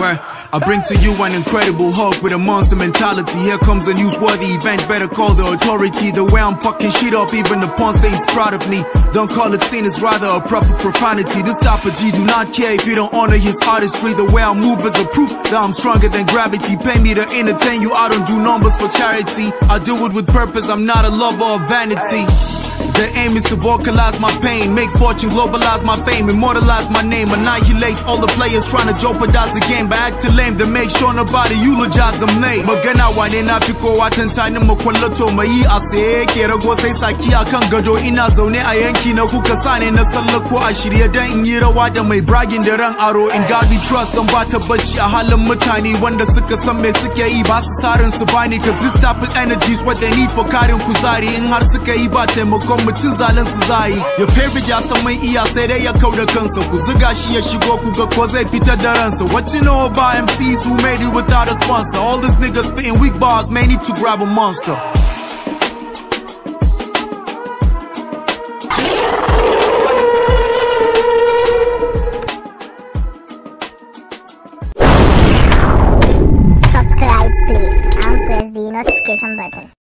where I bring to you an incredible hulk with a monster mentality. Here comes a newsworthy event, better call the authority. The way I'm fucking shit up, even the pawn stays proud of me. Don't call it sin, it's rather a proper profanity. This type of G do not care if you don't honor his artistry. The way I move is a proof that I'm stronger than gravity. Pay me to entertain you, I don't do numbers for charity. I do it with purpose, I'm not a lover of vanity. The aim is to vocalize my pain, make fortune, globalize my fame, immortalize my name, annihilate all the players trying to jeopardize the game by acting lame to make sure nobody eulogize them late. Magana wane na fiko watan tani makwallato mai a saye ke rago sai saki akan gado ina zone I yanki na kuka sane na sallako should shirye dan in yi rawa da mai bragging da ran aro in gabi trust don ba tabbaci a halin mutane wanda suka san me suke yi ba su sarin su bani cause this type of energy is what they need for karin kuzari in har suka yi ba maimakon cin zalin su zayi ya febi ya san mai iya sai dai ya kau kansa ku ziga shi ya shigo ku ga ko zai fitar da ransa what you know about MCs who made it without a sponsor all these niggas spitting weak bars may need to grab a monster subscribe please and press the notification button.